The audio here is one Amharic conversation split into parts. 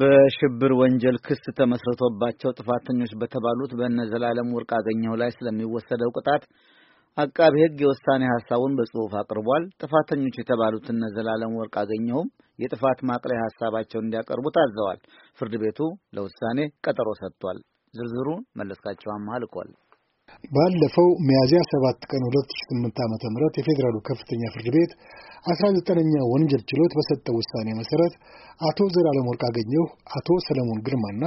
በሽብር ወንጀል ክስ ተመስርቶባቸው ጥፋተኞች በተባሉት በእነ ዘላለም ወርቅ አገኘው ላይ ስለሚወሰደው ቅጣት አቃቢ ሕግ የውሳኔ ሀሳቡን በጽሑፍ አቅርቧል። ጥፋተኞች የተባሉት እነ ዘላለም ወርቅ አገኘውም የጥፋት ማቅለያ ሀሳባቸውን እንዲያቀርቡ ታዘዋል። ፍርድ ቤቱ ለውሳኔ ቀጠሮ ሰጥቷል። ዝርዝሩ መለስካቸው አማህ ልኳል። ባለፈው ሚያዝያ 7 ቀን 2008 ዓ.ም የፌዴራሉ ከፍተኛ ፍርድ ቤት 19ኛ ወንጀል ችሎት በሰጠው ውሳኔ መሰረት አቶ ዘላለም ወርቅ አገኘሁ፣ አቶ ሰለሞን ግርማና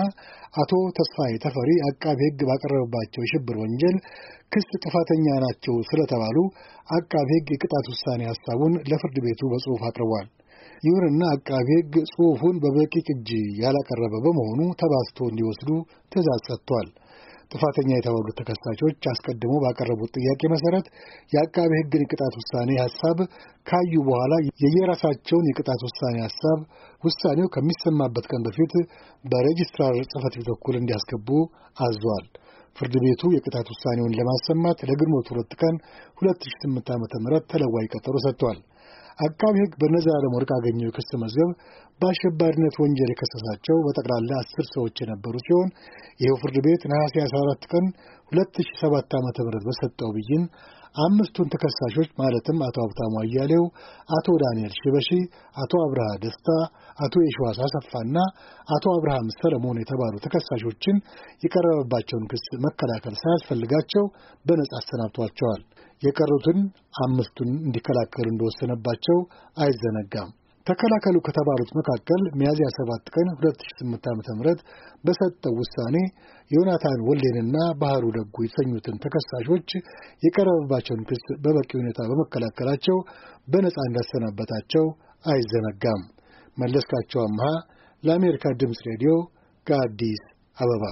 አቶ ተስፋዬ ተፈሪ አቃቤ ሕግ ባቀረበባቸው የሽብር ወንጀል ክስ ጥፋተኛ ናቸው ስለተባሉ አቃቤ ሕግ የቅጣት ውሳኔ ሐሳቡን ለፍርድ ቤቱ በጽሑፍ አቅርቧል። ይሁንና አቃቤ ሕግ ጽሑፉን በበቂ ቅጂ ያላቀረበ በመሆኑ ተባስቶ እንዲወስዱ ትእዛዝ ሰጥቷል። ጥፋተኛ የተባሉት ተከሳሾች አስቀድሞ ባቀረቡት ጥያቄ መሰረት የአቃቤ ሕግን የቅጣት ውሳኔ ሀሳብ ካዩ በኋላ የየራሳቸውን የቅጣት ውሳኔ ሀሳብ ውሳኔው ከሚሰማበት ቀን በፊት በሬጅስትራር ጽፈት ቤት በኩል እንዲያስገቡ አዟል። ፍርድ ቤቱ የቅጣት ውሳኔውን ለማሰማት ለግንቦት ሁለት ቀን 2008 ዓ ም ተለዋጭ ቀጠሮ ሰጥቷል። አቃቢ ሕግ በእነ ዓለም ወርቅ አገኘው የክስ መዝገብ በአሸባሪነት ወንጀል የከሰሳቸው በጠቅላላ አስር ሰዎች የነበሩ ሲሆን ይኸው ፍርድ ቤት ነሐሴ 14 ቀን 2007 ዓ ም በሰጠው ብይን አምስቱን ተከሳሾች ማለትም አቶ ሀብታሙ አያሌው፣ አቶ ዳንኤል ሽበሺ፣ አቶ አብርሃ ደስታ፣ አቶ የሸዋስ አሰፋና አቶ አብርሃም ሰለሞን የተባሉ ተከሳሾችን የቀረበባቸውን ክስ መከላከል ሳያስፈልጋቸው በነጻ አሰናብቷቸዋል። የቀሩትን አምስቱን እንዲከላከሉ እንደወሰነባቸው አይዘነጋም። ተከላከሉ ከተባሉት መካከል ሚያዝያ 7 ቀን 2008 ዓ.ም በሰጠው ውሳኔ ዮናታን ወልዴንና ባህሩ ደጉ የተሰኙትን ተከሳሾች የቀረበባቸውን ክስ በበቂ ሁኔታ በመከላከላቸው በነፃ እንዳሰናበታቸው አይዘነጋም። መለስካቸው አምሃ ለአሜሪካ ድምፅ ሬዲዮ ከአዲስ አበባ